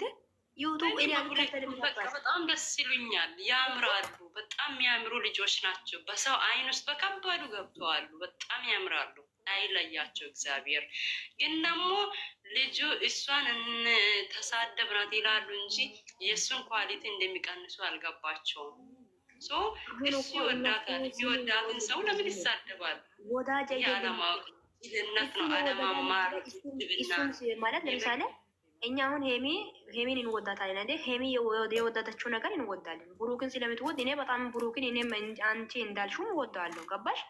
ግን በጣም ደስ ይሉኛል፣ ያምራሉ። በጣም የሚያምሩ ልጆች ናቸው። በሰው አይን ውስጥ በከባዱ ገብተዋሉ። በጣም ያምራሉ። አይለያቸው እግዚአብሔር። ግን ደግሞ ልጁ እሷን ተሳደብ ናት ይላሉ እንጂ የእሱን ኳሊቲ እንደሚቀንሱ አልገባቸውም። እሱ ይወዳታል። የሚወዳትን ሰው ለምን ይሳደባል? ያለማወቅ ድህነት ነው። አለማማር ማለት ለምሳሌ እኛ አሁን ሄሜ ሄሜን እንወዳታለን አይደል? ሄሜ የወዳተችው ነገር እንወዳለን። ብሩክን ስለምትወድ እኔ በጣም ብሩክን እኔ አንቺ እንዳልሽው እወደዋለሁ። ገባሽ?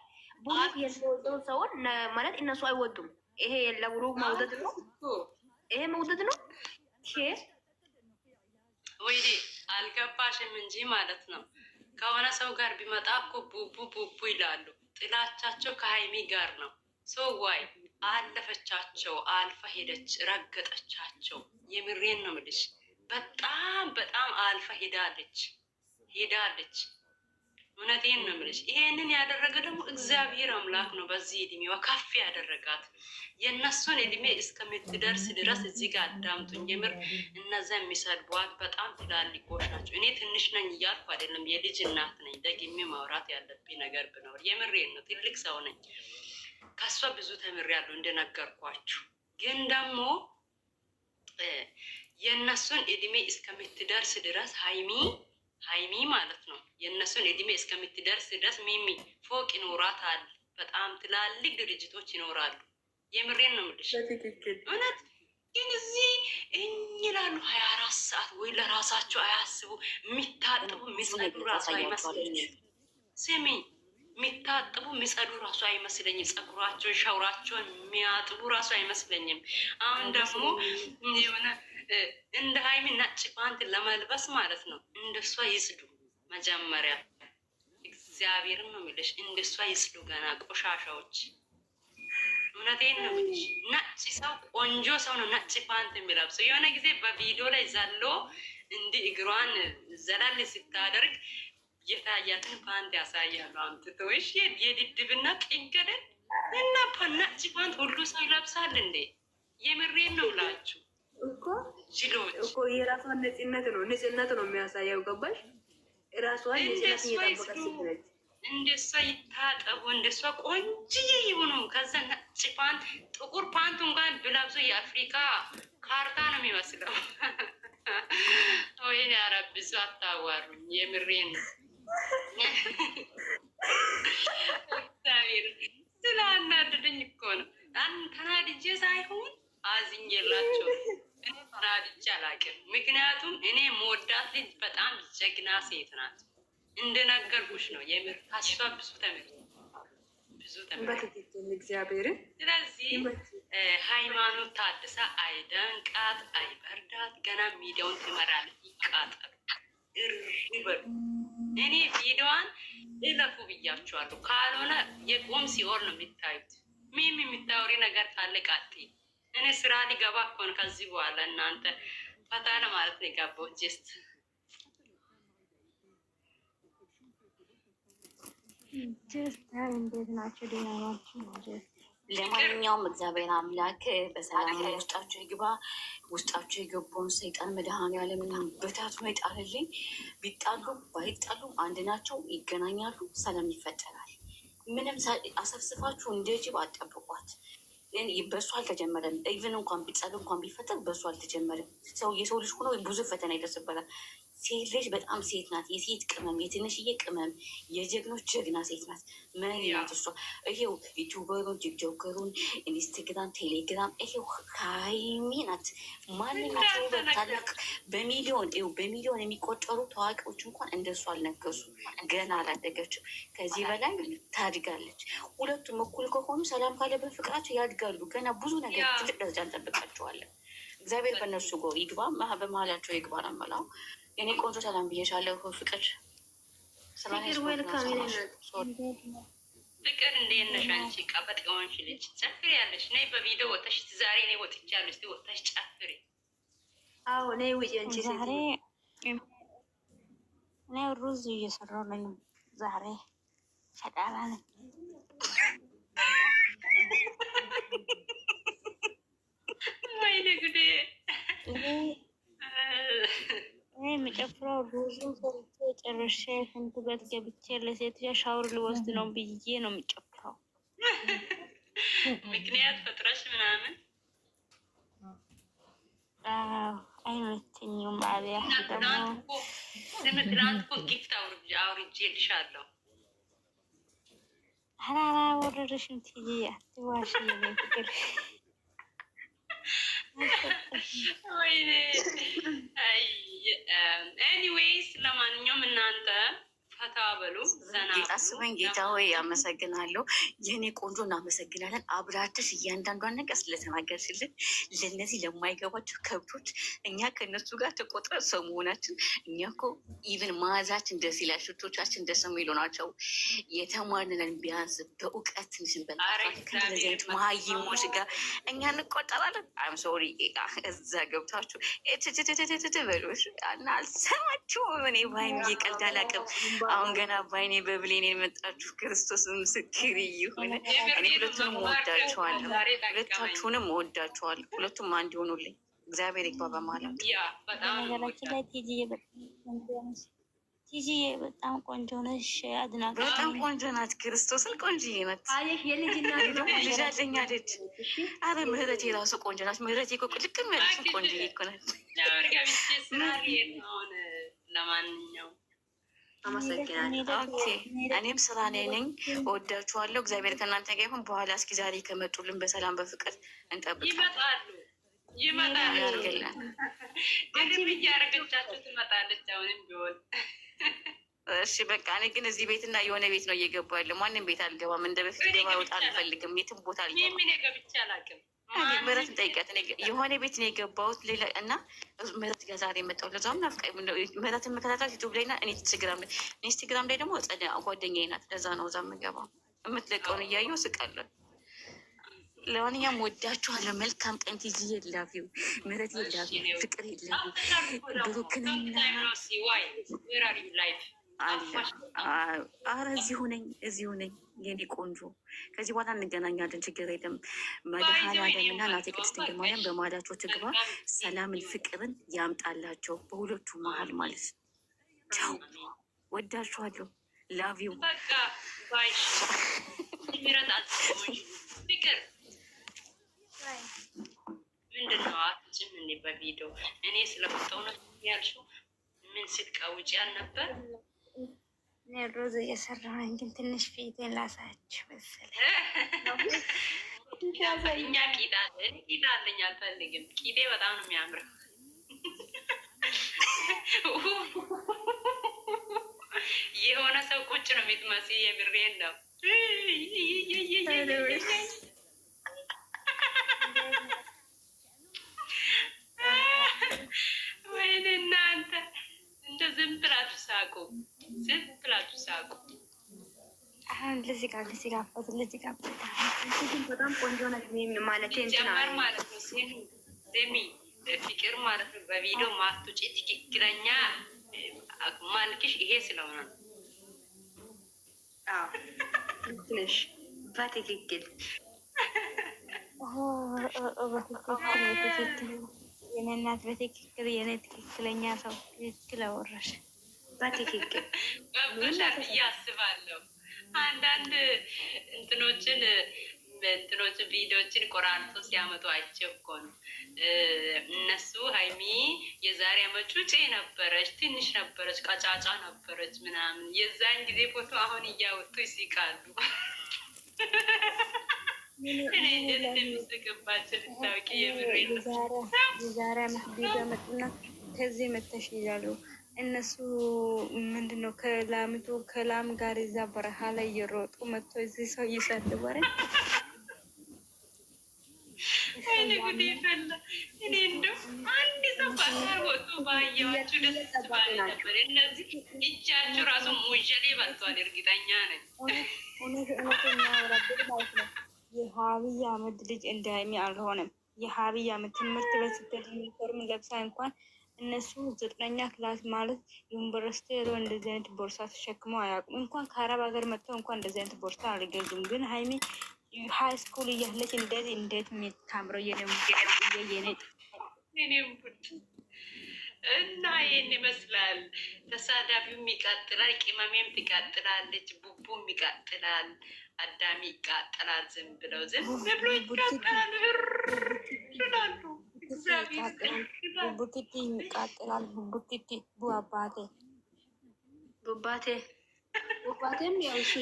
ብሩክ የወደው ሰውን ማለት እነሱ አይወዱም። ይሄ ለብሩክ መውደድ ነው፣ ይሄ መውደድ ነው። ወይ አልገባሽም እንጂ ማለት ነው። ከሆነ ሰው ጋር ቢመጣ እኮ ቡቡ ቡቡ ይላሉ። ጥላቻቸው ከሀይሚ ጋር ነው። ሶ ዋይ አለፈቻቸው፣ አልፋ ሄደች፣ ረገጠቻቸው። የምሬን ነው የምልሽ። በጣም በጣም አልፋ ሄዳለች ሄዳለች። እውነቴን ነው የምልሽ። ይሄንን ያደረገ ደግሞ እግዚአብሔር አምላክ ነው። በዚህ እድሜዋ ከፍ ያደረጋት የእነሱን እድሜ እስከምትደርስ ድረስ እዚህ ጋር አዳምጡኝ። የምር እነዚያ የሚሰድቧት በጣም ትላልቆች ናቸው። እኔ ትንሽ ነኝ እያልኩ አይደለም፣ የልጅ እናት ነኝ። ደግሜ ማውራት ያለብኝ ነገር ብኖር የምሬን ነው፣ ትልቅ ሰው ነኝ። ከእሷ ብዙ ተምሬያለሁ እንደነገርኳችሁ። ግን ደግሞ የእነሱን እድሜ እስከምትደርስ ድረስ ሀይሚ ሀይሚ ማለት ነው የእነሱን እድሜ እስከምትደርስ ድረስ ሚሚ ፎቅ ይኖራታል። በጣም ትላልቅ ድርጅቶች ይኖራሉ። የምሬን ነው የምልሽ እውነት ግን እዚህ እኝላሉ ሀያ አራት ሰዓት ወይ ለራሳቸው አያስቡ። የሚታጥቡ የሚጸዱ ራሱ አይመስለኝም። ስሚ የሚታጥቡ የሚጸዱ ራሱ አይመስለኝም። ጸጉራቸውን ሸውራቸውን የሚያጥቡ ራሱ አይመስለኝም። አሁን ደግሞ የሆነ እንደ ሀይሚ ነጭ ፓንት ለመልበስ ማለት ነው። እንደሷ ይጽዱ መጀመሪያ እግዚአብሔርን ነው የሚልሽ። እንደሷ ይጽዱ ገና ቆሻሻዎች። እውነቴን ነው የሚልሽ። ነጭ ሰው ቆንጆ ሰው ነው ነጭ ፓንት የሚለብሱ። የሆነ ጊዜ በቪዲዮ ላይ ዘሎ እንዲህ እግሯን ዘላል ስታደርግ የታያትን ፓንት ያሳያሉ አምጥቶ እሺ፣ የድድብና ጥንገደን እና ፓናጭ ፓንት ሁሉ ሰው ይለብሳል እንዴ? የምሬን ነው ብላችሁ ችሎች እኮ የራሷን ነጽነት ነው ንጽነት ነው የሚያሳየው። ገባሽ? ራሷ እንደሷ ይታጠቡ እንደሷ ቆንጅዬ ይሆኑ። ከዛ ነጭ ፓንት ጥቁር ፓንቱ እንኳን ብላብሶ የአፍሪካ ካርታ ነው የሚመስለው። ወይኔ አረብዙ አታዋሩኝ፣ የምሬን ነው እግዚአብሔር ስለ አናድደኝ እኮ ነው። ተናድጄ ሳይሆን አዝኜላቸው እኔ ተናድጄ አላውቅም። ምክንያቱም እኔ መወዳት ልጅ በጣም ጀግና ሴት ናት። እንደነገርኩሽ ነው የምር ካሽቷ ብዙ ተምር ብዙ ተምር እግዚአብሔርን። ስለዚህ ሃይማኖት ታድሳ አይደንቃት አይበርዳት። ገና ሚዲያውን ትመራለች። ይቃጠሉ እኔ ቪዲዮዋን እለፉ ብያችኋለሁ። ካልሆነ የቆም ሲኦል ነው የሚታዩት። ምንም የሚታወሪ ነገር ካለ ቃጢ እኔ ስራ ሊገባ ከሆነ ከዚህ በኋላ እናንተ ፈታ ለማለት ነው የጋባው ጀስት ጀስት እንዴት ናቸው? ደህና ናቸው ጀስት ለማንኛውም እግዚአብሔር አምላክ በሰላም ውስጣቸው ይግባ። ውስጣቸው የገባውን ሰይጣን መድኃኔዓለምና በታቱ ይጣልልኝ። ቢጣሉ ባይጣሉ አንድ ናቸው፣ ይገናኛሉ፣ ሰላም ይፈጠራል። ምንም አሰብስፋችሁ እንደ ጅብ አጠብቋት። በእሱ አልተጀመረም። ኢቨን እንኳን ቢጸብ እንኳን ቢፈጠር በእሱ አልተጀመረም። ሰው የሰው ልጅ ሆኖ ብዙ ፈተና ይደርስበታል። ሴት ልጅ በጣም ሴት ናት። የሴት ቅመም፣ የትንሽዬ ቅመም፣ የጀግኖች ጀግና ሴት ናት። መሪ ናት እሷ። ይሄው ዩቱበሩን፣ ቲክቶከሩን፣ ኢንስትግራም፣ ቴሌግራም ይሄው ሀይሚ ናት። ማንኛቸው ታላቅ በሚሊዮን ይኸው በሚሊዮን የሚቆጠሩ ታዋቂዎች እንኳን እንደሱ አልነገሱ። ገና አላደገችው ከዚህ በላይ ታድጋለች። ሁለቱም እኩል ከሆኑ ሰላም ካለ በፍቅራቸው ያድጋል። ይትጋሉ። ገና ብዙ ነገር ትልቅ ደረጃ እንጠብቃቸዋለን። እግዚአብሔር በእነሱ ጎ ይግባ፣ በመሀላቸው ይግባ። ረመላው የኔ ቆንጆ ሰላም ብዬሻለሁ። ፍቅር ፍቅር እንዴት ነሽ አንቺ? ቀበጥ የሆንሽ ልጅ ጨፍሪ ያለሽ ነይ፣ በቪዲዮ ወጥተሽ ዛሬ ነይ፣ ወጥቻለሽ ወጥተሽ ጨፍሪ። አዎ ነይ ውጭ አንቺ ዛሬ እኔ ሩዝ እየሰራሁ ነኝ። ዛሬ ሸቃላ ነኝ። ወይኔ ጉዴ! እኔ የምጨፍረው ብዙም ሰርቼ ጨርሼ ሽንት ቤት ገብቼ ለሴትዮዋ ሻወር ልወስድ ነው ብዬ ነው የምጨፍረው። ምክንያት ፈጥረሽ ምናምን አይመቸኝም። አብያ ደግሞ ትናንት እኮ ጊፍት አውርጄልሻለሁ ኧረ አላወረደሽም ትዬ አትዋሽ ፍቅር ኤኒዌይስ ለማንኛውም እናንተ ታስበኝ ጌታ ሆይ አመሰግናለሁ። የእኔ ቆንጆ እናመሰግናለን። አብራትሽ እያንዳንዷን ነገር ስለተናገርሽልን ለእነዚህ ለማይገባቸው ከብቶች እኛ ከእነሱ ጋር ተቆጥረ ሰው እኛ እኮ ኢቨን መዓዛችን ደስ ይላል፣ ሽቶቻችን ደስ የሚሉ ናቸው። የተማርንለን ቢያንስ በእውቀት ትንሽ እንበላለን። መሀይሞች ጋር እኛ እንቆጠራለን። አም ሶሪ እዛ ገብታችሁ ትትትትትት በሎሽ እና አልሰማችሁም። እኔ ባይም እየቀልድ አላውቅም አሁን ገና በአይኔ በብሌን የመጣችሁ ክርስቶስ ምስክር ይሁን። እኔ ሁለቱንም ወዳችኋለሁ፣ ሁለታችሁንም ወዳችኋለሁ። ሁለቱም አንድ ይሆኑልኝ። እግዚአብሔር ይግባ በማላችሁ ቲጂዬ በጣም ቆንጆ ነሽ። አድናቂ በጣም ቆንጆ ናት። ክርስቶስን ቆንጆዬ ናት። ልጅ አለኝ አለች። አረ ምህረት የራሱ ቆንጆ ናት። ምህረት ልቅም ያለች ቆንጆዬ እኮ ናት። ለማንኛውም እኔም ስራ ላይ ነኝ። ወዳችኋለሁ። እግዚአብሔር ከእናንተ ጋር ይሁን። በኋላ እስኪ ዛሬ ከመጡልን በሰላም በፍቅር እንጠብቅ። እሺ በቃ እኔ ግን እዚህ ቤትና የሆነ ቤት ነው እየገባ ያለው። ማንም ቤት አልገባም። እንደ በፊት ገባ ወጣ አልፈልግም። የትም ቦታ አልገባም። ገብቼ አላውቅም። ምህረት ጠይቀት የሆነ ቤት ነው የገባሁት እና ምህረት ገዛር የመጣው የመጣሁት ለዛም ምህረት የምከታተላት ዩቱብ ላይ እና ኢንስትግራም ላይ ኢንስትግራም ላይ ደግሞ ጓደኛ ናት። ለዛ ነው እዛ የምገባው የምትለቀውን እያየው ስቃለሁ። ለማንኛውም ወዳችኋለሁ። መልካም ቀን። ቲጂ የላቪው ምህረት የላቪው ፍቅር የላቪው ብሩክንና አለ። አረ እዚሁ ነኝ፣ እዚሁ ነኝ የኔ ቆንጆ። ከዚህ በኋላ እንገናኛለን፣ ችግር የለም። መድኃኔዓለምና እናቴ ቅድስት ድንግል ማርያም በማዳቸው ትግባ፣ ሰላምን ፍቅርን ያምጣላቸው በሁለቱ መሀል ማለት ነው። ቻው፣ ወዳችኋለሁ። ላቭ ዩ ፍቅር ምንድን ነው? አትጭም እንዴ በቪዲዮ እኔ ስለመጣሁ ነው ያልሽው? ምን ስትቃውጪ አልነበር? ሮዝ እየሰራሁኝ ግን ትንሽ ፊቴን ላሳችሁ መሰለኝ። እኛ ቂዳ ቂዳ አለኝ አልፈልግም። ቂዴ በጣም ነው የሚያምረው። የሆነ ሰው ቁጭ ነው የምትመስይ። የምሬን ነው። ልጅ ጋር ልጅ ጋር ልጅ ጋር በጣም ቆንጆ ነች ማለት ማለት ነው። ሴሚ ፍቅር ማለት ነው። በቪዲዮ ማትወጪ ትክክለኛ ማልክሽ ይሄ ስለሆነ ትንሽ በትክክል የኔ እናት በትክክል የኔ ትክክለኛ ሰው ትክክል አወራሽ በትክክል ገብቶሻል ብዬ አስባለሁ። አንዳንድ እንትኖችን እንትኖችን ቪዲዮችን ቆራርቶ ሲያመጡ አይቼው እኮ ነው። እነሱ ሀይሚ የዛሬ አመቹ ጩጬ ነበረች፣ ትንሽ ነበረች፣ ቀጫጫ ነበረች ምናምን የዛን ጊዜ ፎቶ አሁን እያወጡ ይስቃሉ። ምስቅባቸው ልታውቂ የዛሬ አመት ቪዲዮ መጡና ከዚህ መተሽ ይላሉ እነሱ ምንድን ነው ከላምቱ ከላም ጋር እዛ በረሃ ላይ እየሮጡ መጥቶ እዚህ ሰው እየሰደበረ የሀብያ ምድ ልጅ እንዳይሚ አልሆነም። የሀብያ ምድ ትምህርት ቤት ስትሄድ ዩኒፎርም ለብሳ እንኳን እነሱ ዘጠነኛ ክላስ ማለት ዩኒቨርሲቲ ሄዶ እንደዚህ አይነት ቦርሳ ተሸክመው አያውቁም። እንኳን ከአረብ ሀገር መጥተው እንኳን እንደዚህ አይነት ቦርሳ አልገዙም። ግን ሀይሚ ሀይ ስኩል እያለች እንደት እንደት የሚታምረው የኔ እና ይህን ይመስላል። ተሳዳቢውም ይቃጥላል፣ ቅመሜም ትቃጥላለች፣ ቡቡም ይቃጥላል፣ አዳሚ ይቃጥላል። ዝም ብለው ዝም ብሎ ይቃጠላል ላሉ ቡቡቲቲ ይቃጠላል። ቡቡቲቲ ቡ ቡባቴ ቡባቴም ያው እሱ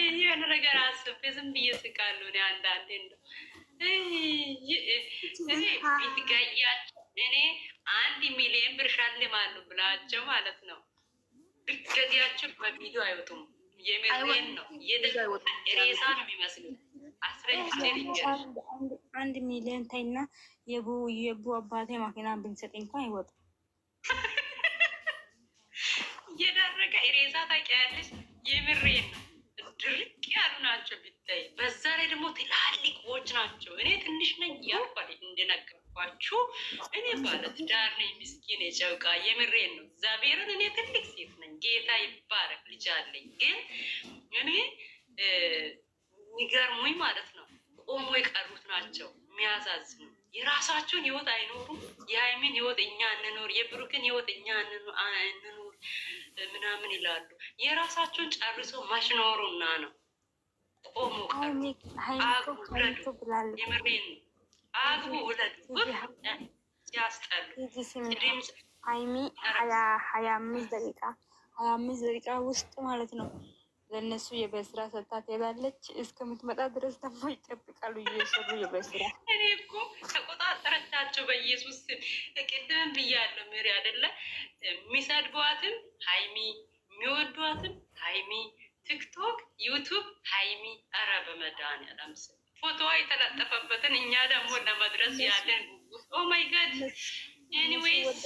የሆነ ነገር አስቤ ዝም ብዬ ስቃለሁ። እኔ አንዳንዴ እንደው እኔ አንድ ሚሊዮን ብር ሸልማለሁ ብላቸው ማለት ነው ብገዚያቸው በቪዲዮ አይወጡም። የሜሬን ነው ሬሳ ነው የሚመስሉት አንድ ሚሊዮን ታይና የቡ የቡ አባቴ ማኪና ብንሰጥ እንኳን አይወጣም። የደረቀ ኢሬዛ ታውቂያለሽ? የምሬ ድርቅ ያሉ ናቸው ቢታይ። በዛ ላይ ደግሞ ትላልቆች ናቸው። እኔ ትንሽ ነኝ ያልኳል እንደነገርኳችሁ እኔ ባለትዳር ነኝ፣ ምስኪን የጨውቃ የምሬን ነው። እግዚአብሔርን እኔ ትልቅ ሴት ነኝ። ጌታ ይባረክ ልጅ አለኝ። ግን እኔ የሚገርሙኝ ማለት ነው ቆሞ የቀሩት ናቸው የሚያሳዝኑ። የራሳቸውን ህይወት አይኖሩም። የሃይሚን ህይወት እኛ እንኖር፣ የብሩክን ህይወት እኛ እንኖር ምናምን ይላሉ። የራሳችሁን ጨርሶ ማሽኖሩና ነው ቆሞ ቀሩ። አግቡ ውለዱ፣ የምሬን አግቡ ውለዱ። ሲያስጠሉ ድምፅ ሀያ አምስት ደቂቃ ሀያ አምስት ደቂቃ ውስጥ ማለት ነው ለእነሱ የበስራ ስራ ሰጥታ ትሄዳለች። እስከምትመጣ ድረስ ደግሞ ይጠብቃሉ እየሰሩ የበስራ እኔ እኮ ተቆጣጠረቻቸው በኢየሱስ ቅድምም ብያለሁ። ምሪ አይደለ የሚሰድቧትም ሀይሚ የሚወዷትም ሀይሚ፣ ቲክቶክ፣ ዩቱብ ሀይሚ። ኧረ በመድኃኒዓለም ስም ፎቶ የተለጠፈበትን እኛ ደግሞ ለመድረስ ያለን ኦ ማይ ጋድ ኤኒዌይስ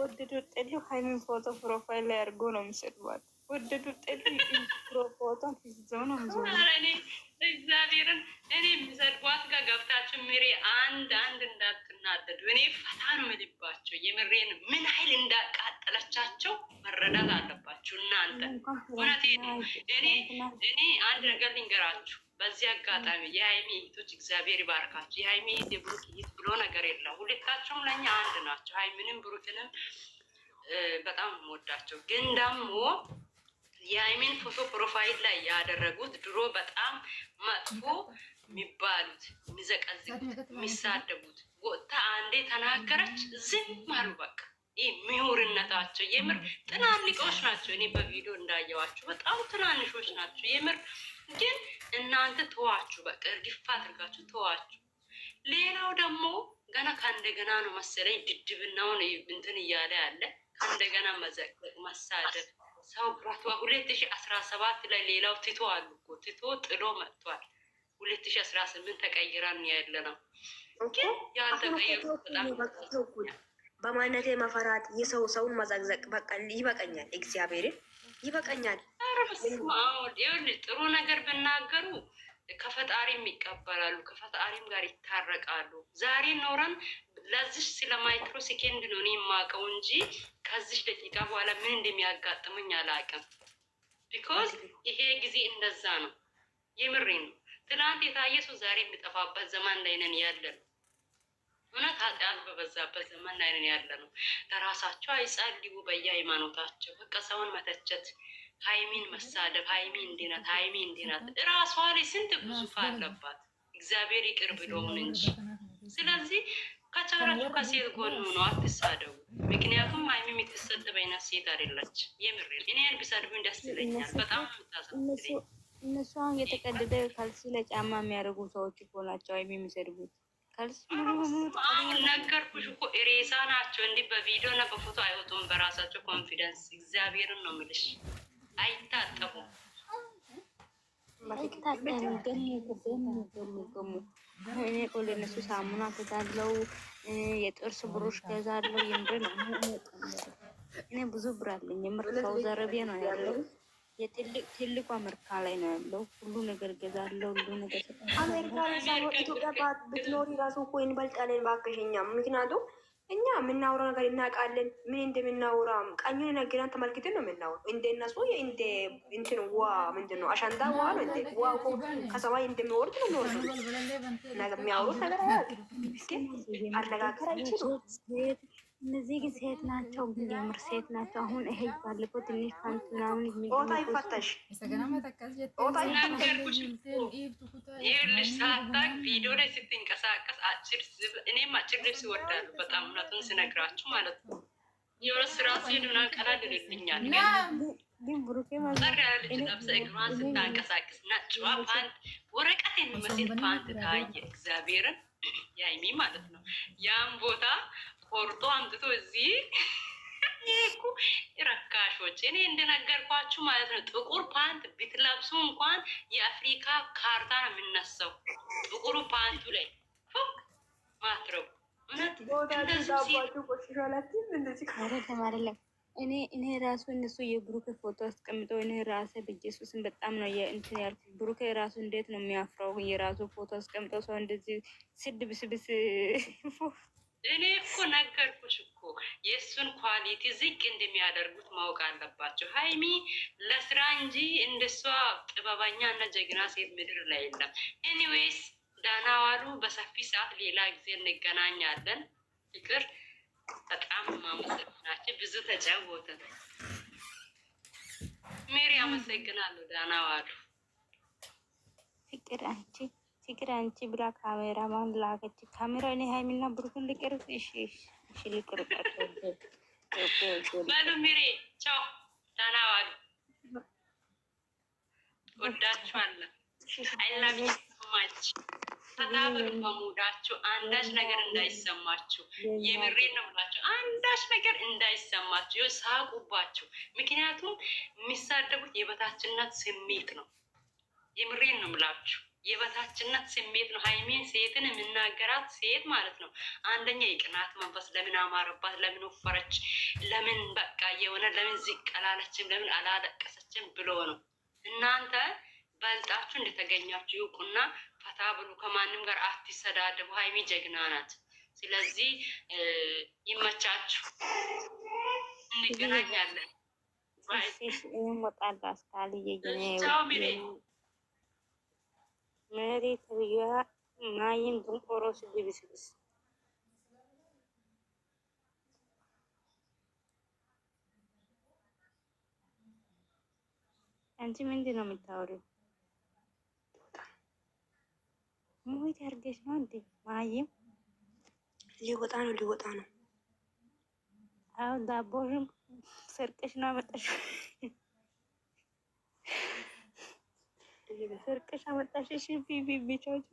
ወድዱ ጥሪ ሀይሚን ፎቶ ፕሮፋይል ላይ አድርጎ ነው የሚሰድቧት ወደዱ ጠሉ ፕሮፖቶን ይዘው ነው ምዞ እግዚአብሔርን እኔ የሚሰድቧት ጋር ገብታችሁ ምሬ አንድ አንድ እንዳትናደዱ። እኔ ፈታ ነው የምልባቸው። የምሬን ምን ኃይል እንዳቃጠለቻቸው መረዳት አለባችሁ እናንተ። እውነት እኔ አንድ ነገር ልንገራችሁ በዚህ አጋጣሚ የሀይሚ እህቶች እግዚአብሔር ይባርካችሁ። የሀይሚ እህት የብሩክ እህት ብሎ ነገር የለም። ሁለታቸውም ለእኛ አንድ ናቸው። ሀይሚንም ብሩክንም በጣም ወዳቸው ግን ደግሞ የሃይሜን ፎቶ ፕሮፋይል ላይ ያደረጉት ድሮ በጣም መጥፎ የሚባሉት የሚዘቀዝቁት፣ የሚሳደቡት ወጥታ አንዴ ተናገረች፣ ዝም አሉ። በቃ ይህ ምሁርነታቸው የምር ትናንቆች ናቸው። እኔ በቪዲዮ እንዳየዋቸው በጣም ትናንሾች ናቸው። የምር ግን እናንተ ተዋችሁ፣ በቃ እርግፍ አድርጋችሁ ተዋችሁ። ሌላው ደግሞ ገና ከእንደገና ነው መሰለኝ ድድብናውን እንትን እያለ ያለ ከእንደገና መሳደብ ሰው ራቷ ሁለት ሺ አስራ ሰባት ላይ ሌላው ትቶ አሉ እኮ ትቶ ጥሎ መጥቷል። ሁለት ሺ አስራ ስምንት ተቀይራን ያለ ነው። በማነቴ መፈራት የሰው ሰውን መዘግዘቅ በቃ ይበቀኛል። እግዚአብሔርን ይበቀኛል። ጥሩ ነገር ብናገሩ ከፈጣሪም ይቀበላሉ፣ ከፈጣሪም ጋር ይታረቃሉ። ዛሬ ኖረን ለዚህ ስለማይክሮ ሴኬንድ ነው እኔ የማውቀው እንጂ ከዚህ ደቂቃ በኋላ ምን እንደሚያጋጥመኝ አላውቅም። ቢኮዝ ይሄ ጊዜ እንደዛ ነው። የምሬ ነው። ትናንት የታየ ሰው ዛሬ የሚጠፋበት ዘመን ላይ ነን ያለ ነው። እውነት ኃጢአት በበዛበት ዘመን ላይ ነን ያለ ነው። ለራሳቸው አይጸልዩ በየሃይማኖታቸው በቃ ሰውን መተቸት፣ ሀይሚን መሳደብ፣ ሀይሚ እንዲናት፣ ሀይሚ እንዲናት። እራሷ ላይ ስንት ግዙፍ አለባት። እግዚአብሔር ይቅር ብሎን እንጂ ስለዚህ ከቻላችሁ ከሴት ጎን ሆኖ አትሳደቡ። ምክንያቱም ሀይሚ የምትሰደብ አይነት ሴት አይደለች። የምር እኔ ቢሰድቡኝ ደስ ይለኛል። በጣም እነሱ አሁን የተቀደደ ካልሲ ለጫማ የሚያደርጉ ሰዎች እኮ ናቸው ሀይሚ የሚሰድቡት። ካልሲ ነገርኩሽ እኮ ሬሳ ናቸው። እንዲህ በቪዲዮ እና በፎቶ አይወጡም። በራሳቸው ኮንፊደንስ እግዚአብሔርን ነው የምልሽ። አይታጠቡም። እኔ ቆል እነሱ ሳሙና ገዛለው፣ የጥርስ ብሩሽ ገዛለው። የምር እኔ ብዙ ብር አለኝ። የምር ሳውዲ አረቢያ ነው ያለው፣ የትልቅ ትልቁ አሜሪካ ላይ ነው ያለው። ሁሉ ነገር ገዛለው፣ ሁሉ ነገር አሜሪካ ላይ ኢትዮጵያ ብትኖሪ ራሱ እኮ እንበልጣለን። ባከሸኛ ምክንያቱም እኛ የምናውረው ነገር እናውቃለን። ምን እንደምናውራ ቀኙን የነገረን ተመልክተን ነው የምናውረው። እንደነሱ እንደ እንትን ዋ ምንድን ነው አሻንዳ ዋ ነው እንደ ዋ እኮ ከሰማይ እንደሚወርድ ነው የሚወርድ የሚያውሩት ነገር አያውቅም። አነጋገር አይችሉም። እነዚህ ግን ሴት ናቸው፣ የሚያምር ሴት ናቸው። አሁን ይሄ ባልኮ ትንሽ ፓንት ምናምን ቦታ ይፈተሽ ሳታቅ ቪዲዮ ላይ ስትንቀሳቀስ አጭር እኔም አጭር ልብስ እወዳለሁ በጣም እውነቱን ስነግራችሁ ማለት ነው። የሆነ ስራ ሲሄድ ምናምን ቀላል ይልልኛል። ያለ ልጅ ለብሰ እግሯን ስታንቀሳቀስ ፓንት ወረቀት የሚመስል ፓንት ታየ እግዚአብሔርን ያይሚ ማለት ነው ቦታ ቆርጦ አምጥቶ እዚህ ይሄኩ ረካሾች፣ እኔ እንደነገርኳችሁ ማለት ነው። ጥቁር ፓንት ብትለብሱ እንኳን የአፍሪካ ካርታ ነው የምነሳው። ጥቁሩ ፓንቱ ላይ ፎቅ ማትረቡ እኔ እኔ ራሱ እነሱ የብሩክ ፎቶ አስቀምጠው እኔ ራሰ በኢየሱስን በጣም ነው የእንትን ያልኩ። ብሩክ ራሱ እንዴት ነው የሚያፍረው? የራሱ ፎቶ አስቀምጠው ሰው እንደዚህ ስድብስብስ እኔ እኮ ነገርኩሽ እኮ የእሱን ኳሊቲ ዝቅ እንደሚያደርጉት ማወቅ አለባቸው። ሀይሚ ለስራ እንጂ እንደሷ ጥበበኛ እና ጀግና ሴት ምድር ላይ የለም። ኤኒዌይስ ዳና ዋሉ። በሰፊ ሰዓት ሌላ ጊዜ እንገናኛለን። ፍቅር በጣም ማመሰግናቸው ብዙ ተጫወተ ሜሪ አመሰግናለሁ። ዳና ዋሉ። ፍቅር አንቺ ፍቅር አንቺ ብላ ካሜራ ማን ላከች? ካሜራ እኔ ሃይሚና ብሩክን ልቅርጽ። እሺ እሺ ልቅርጻቸው። በሉ ሚሪ ቻው፣ ደህና ዋሉ። ወዳችኋለሁ። ሶ ማች ተዳበሩ። በሙዳችሁ አንዳች ነገር እንዳይሰማችሁ፣ የምሬን ነው ብላችሁ አንዳች ነገር እንዳይሰማችሁ፣ ሳቁባችሁ። ምክንያቱም የሚሳደቡት የበታችነት ስሜት ነው። የምሬን ነው ምላችሁ የበታችነት ስሜት ነው። ሀይሜን ሴትን የምናገራት ሴት ማለት ነው። አንደኛ የቅናት መንፈስ ለምን አማረባት፣ ለምን ወፈረች፣ ለምን በቃ የሆነ ለምን ዝቅ አላለችም፣ ለምን አላለቀሰችም ብሎ ነው። እናንተ በልጣችሁ እንደተገኛችሁ ይውቁና ፈታ ብሉ። ከማንም ጋር አትሰዳደቡ። ሀይሜ ጀግና ናት። ስለዚህ ይመቻችሁ፣ እንገናኛለን። ይህም ወጣላ ስታል Mary taliyaha maayin boqoros dibisbis አንቺ ምንድን ነው የምታወሪው? ሙሂት ያርገሽ ነው እንዴ? ማይም ሊወጣ ነው ሊወጣ ነው። አሁን ዳቦሽም ሰርቀሽ ነው አመጣሽ። ሰርቀሽ አመጣሽ። እሺ ቢቢ ቢቾቹ